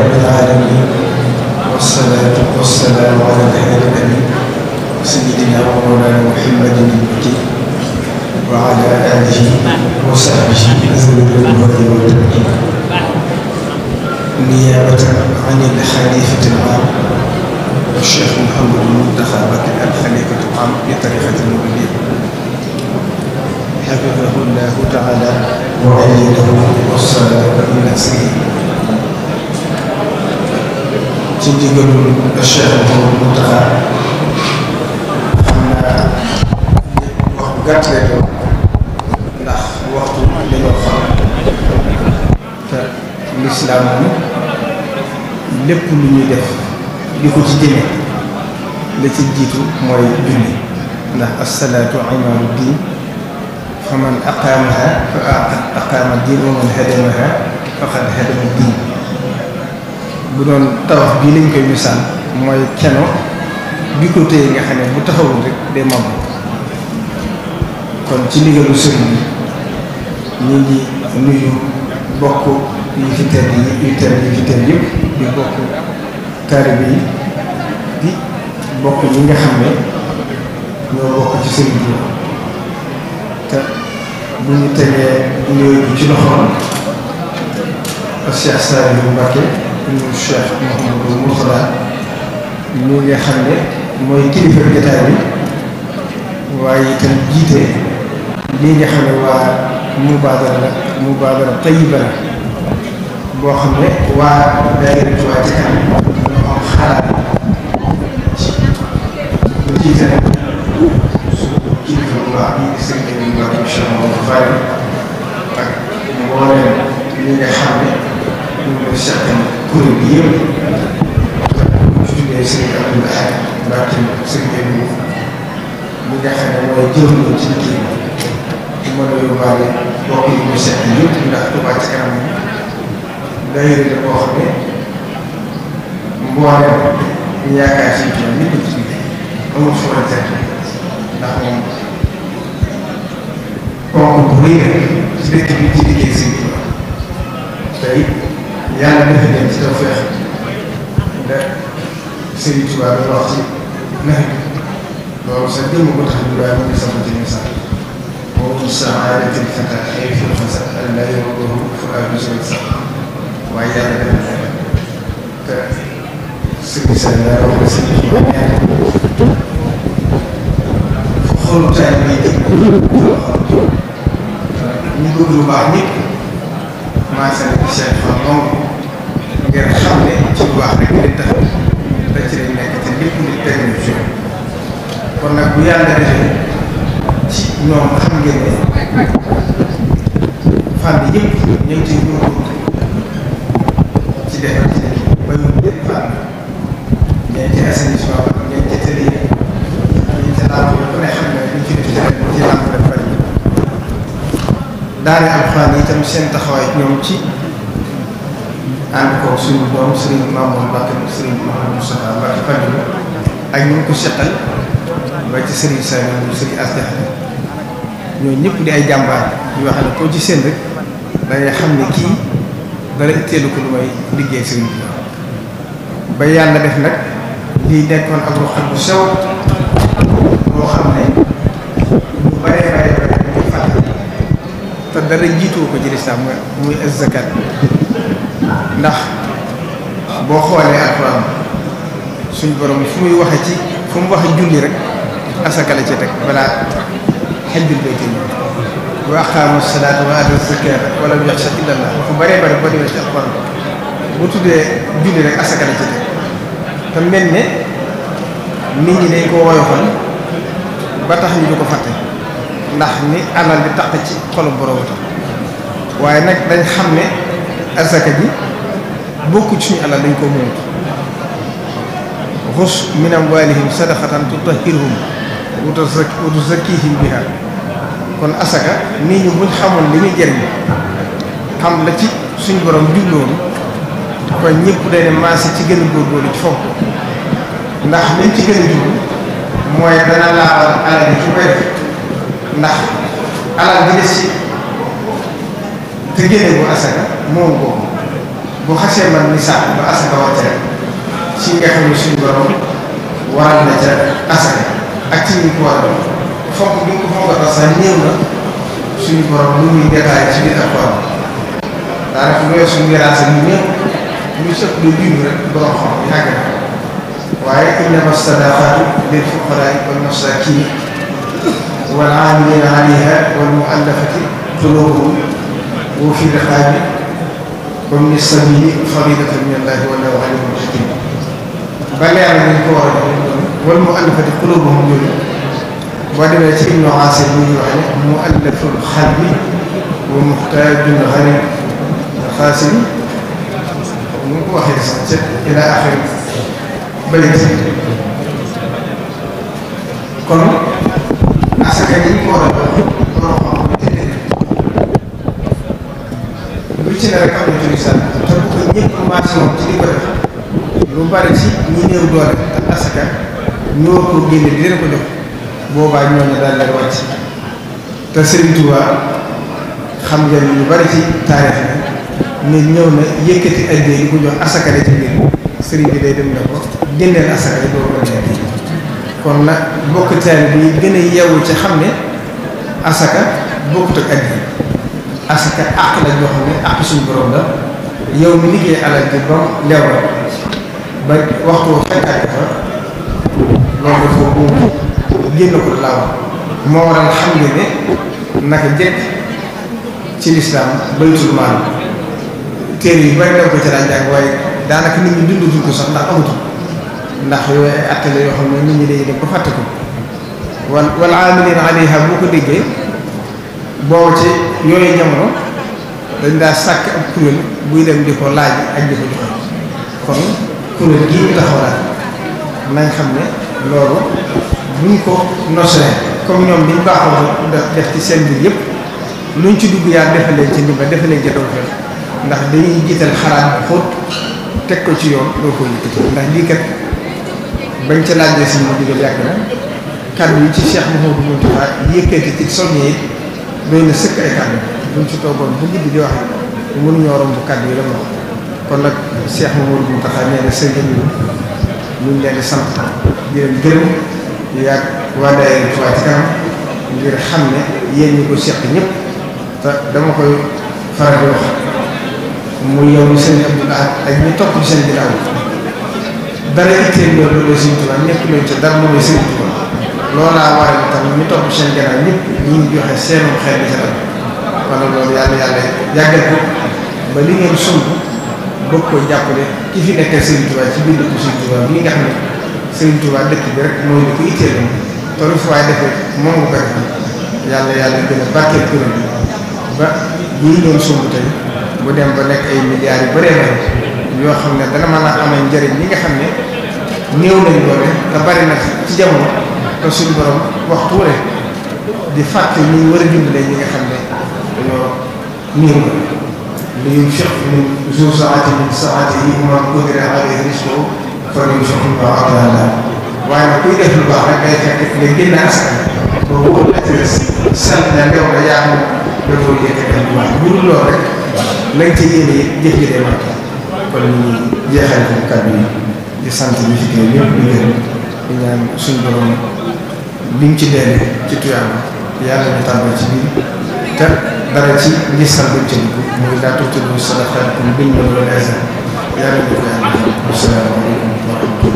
رب العالمين والصلاة والسلام على الخير الأمين سيدنا ومولانا محمد المكي وعلى آله وصحبه أزواج الوالد والتمكين نيابة عن الخليفة العام الشيخ محمد المنتخب الخليفة العام لطريقة المؤمنين حفظه الله تعالى وعلي له والصلاة والسلام ci ndigalul Cheikh Mouhamadou Mountakha xam naa wax bu gàtt lay doon ndax waxtu dañoo xam te lislaam ni lépp lu ñuy def di ko ci jëme la ci jiitu mooy julli ndax asalaatu imaadu diin fa man aqaamaha fa aqaama diin wa man hadamaha faqad hadama diin bu doon tabax bii lañ koy misaal mooy keno bi ko téye nga xam ne bu taxawul rek day màbb kon ci ndigalu sëriñ bi ñu ngi nuyu bokk yi fi teel yi yu teel yi bokk taalibe yi di bokk ñi nga xam ne ñoo bokk ci sëriñ bi te bu ñu tegee nuyoo bi ci loxoom Cheikh Saliou Mbacké ñu Cheikh Mouhamadou Mourtada mu nga xam ne mooy kilifa jotaay bi waaye itam jiite lii nga xam ne waa mubaadara la mubaadara tayiba la boo xam ne waa daayira Touba Ca Kanam ñoo am xalaat bu jiite nag suñu kilifa bu baax bi bi ñu baax Cheikh Mouhamadou Fari ak mboolem li xam ne ko seqal kuréel gi yëpp bu ñu tuddee sëriñ Abdou Lahad Mbacké sëriñ bi mu nga xam ne mooy jëfandikoo ci liggéey bi mën a yóbbaale mbokk yi ñu seq yëpp ndax Touba ca kanam daayira la boo xam ne mboolem ñu yaakaar ci ñoom nit ñi ci liggéey amul frontière ndax moom ponk bu rëy ci dëkk bi ci liggéey sëriñ bi tey yàlla dafa dem ci taw feex da Serigne Touba dafa wax ci nawet bi loolu sax jëmm ko tax ñu waaye mën na sama jëmm sax boobu sama ay tëj fàntaat ay fi fa sax ak ndaje ma ko fa ay lu sori sax waaye yàlla dafa dem te Serigne Sall daa wax ne Serigne Touba ñaari xoolu taay bi ngay jëm ñu bëgg lu baax ñëpp maa ngi sant Cheikh Fall ngir xam ne ci lu baax rek li tax da nekk te lépp lu teg ñu ci kon nag ne fànn yëpp ñu ngi ci defar ci ba ñu lépp fànn ci assainissement ña ci làmp def ci làmp dafa bari yi itam seen taxawaay ñoom ci ànd ko suñu doom Serigne Mamour Mbacke Serigne Mamour Moustapha Mbacke Fadilou ak ñu ngi ko seqal ba ci Serigne Saliou moom Serigne As Diakhaté ñooñu ñëpp di ay jàmbaar yoo xam ne koo ci seen rek dangay xam ne kii dara itteelu ko lu may liggéey Serigne bi ba yàlla def nag lii nekkoon ak xam bu sew boo xam ne bu bëree bëree te dara jiitu ko ci lislaam muy muy zakat ndax boo xoolee alxuraan suñ borom fu muy waxe ci fu mu waxe rek asaka la ci teg balaa xel bi wa aqaamu salaata wa aatu zakaata wa lam yaxsha illa Allah fu bëree bëri boo demee tuddee julli rek asaka te mel ne nit ñi dañ ko woyofal ba tax ñu du ko fàtte ndax ni alal bi taq ci xolu borom waaye nag dañ xam ne asaka ji. bokkut suñu alal dañ koo moom xus min amwalihim sadaqatan tutahhiruhum wa tuzakkihim biha kon asaka nit ñi buñ xamoon li ñu jëriñ xam la ci suñ borom jubloon kon ñëpp day ne maase ci gën a góorgóorlu ci foog ndax liñ ci gën jublu mooy dana laabal alal yi ci koy ndax alal bi des te génne bu asaka moom boobu bu xasee man nisaab ba asaka wàcc rek ci nga xam ne suñu borom waral na ak ci ñu ko war a ko foog a doon sax néew na suñu borom lu muy détaillé ci biir ak borom daanaka lu yor suñu miraas ñu néew ñu sëpp lu jiw rek borom xam wal masaakiin wal aamiliina alayhaa wal muallafati quluubuhum wa fi riqaabi wa min as-sabili fariidatan min Allaahi wallaahu aliimun hakiim ba leer nañ ko war a wal mu'allafati quluubuhum yooyu boo demee ci Ibnu Aasir bi ñu wax ne mu'allaful qalbi wa muhtaajul gariib xaasil mu ko waxee sax ca ila axir bayt kon asaka yi ñu ko war a ci ne rek am na ci lislaam te bu ko ñëpp commencé ci di ko def lu bari ci ñi néew doole ak asaka ñoo ko génne di leen ko jox boobaa ñooñu daal la wàcc te Serigne Touba xam ngeen lu bari ci taarix bi ne ñëw na yëkkati ay di ko jox asaka la ci biir Serigne bi dem ne ko génneel asaka yi doo ko kon nag bokk taal bi gën a yeewu ci xam ne asaka bokkut ak addi asaka àq la ñoo xam ne suñu borom la yow mi liggéey alal ji ba leew la ba waxtu fekkaat fa loolu génn ko laaw moo waral xam nga ne naka jëkk ci lislaam baytul maal téere yu bari daw ko ci daan jàng waaye daanaka nit ñi dundutuñ ko sax ndax amatul ndax yooyu ay atte la yoo xam ne nit ñi dañuy dem ba fàtte ko wal wal aamiliina alayha boo ko déggee boobu ci yooyu jamono dañ daa sàkk ak kuréel buy dem di ko laaj ak di ko joxe kon kuréel gii ñu taxaw nañ xam ne loolu buñ ko nosee comme ñoom biñ baaxoo def ci seen yëpp luñ ci dugg yaa defalee ci ndimbal defalee ndax dañuy jiital xalaat bu ko ci yoon doo ko yëkkati ndax lii kat bañ ca yi doy na sëkk ay kàddu buñ si toogoon bu guddi di wax mënuñoo romb kàddu yi dama kon nag Cheikh Mamadou Mountakha nee na sëriñ bi ñu ngi leen di sant di leen gërëm di yàgg waa daayira Touba Ca Kanam ngir xam ne yéen ñi ko seq ñëpp te dama koy faral di wax muy yow mi sëriñ Abdoul Ahad ak ñi topp seen ginnaaw dara itteel ñoo doon Sëriñ nekk nañ ca dara mooy Sëriñ Tuubaa loolaa waral tam ñu topp seen gannaaw ñëpp ñu ngi joxe seenum xeet bi ca def wala loolu yàlla yàlla yàggal ko ba li ngeen sumb bëgg koy jàppale ki fi nekkal Serigne Touba ci biir dëkk Serigne Touba bi nga xam ne Serigne Touba dëkk bi rek mooy li ko itteel moom toolu fu waay defee moom nga koy def yàlla yàlla gën a barkeel kuréel bi ba lii ngeen sumb tey bu dem ba nekk ay milliards yu bëree bëri yoo xam ne dana mën a amal njëriñ li nga xam ne néew nañ doole te bari na ci jamono. ba suñu borom waxtu wu di fàtte ñu war a dimbalee ñi nga xam ne dañoo niir ma li ñuy fiq min jour saati min saati yi man qudira alayhi rizquhu falyunfiq mimma ataahu Allah waaye nag kuy def lu baax rek day fekk nga génn askan boobu wóor na ci des sant na ndew na yaa xam ne dafoo yëkkatal bu baax bu dul loolu rek lañ ca yéene jëf ji day mat kon ñu jeexal ko kàddu yi di sant ñu fi teew ñëpp ñu gërëm di ñaan suñu borom liñ ci delloo ci tuyaama yàlla ñu tàmbali ci biir te dara ci ngir sant buñ ci dugg muy laa tuuti bu sadaqaatikum bil manni wal azaa yàlla ñu ko yàlla. Asalaamaaleykum wa rahmatulah.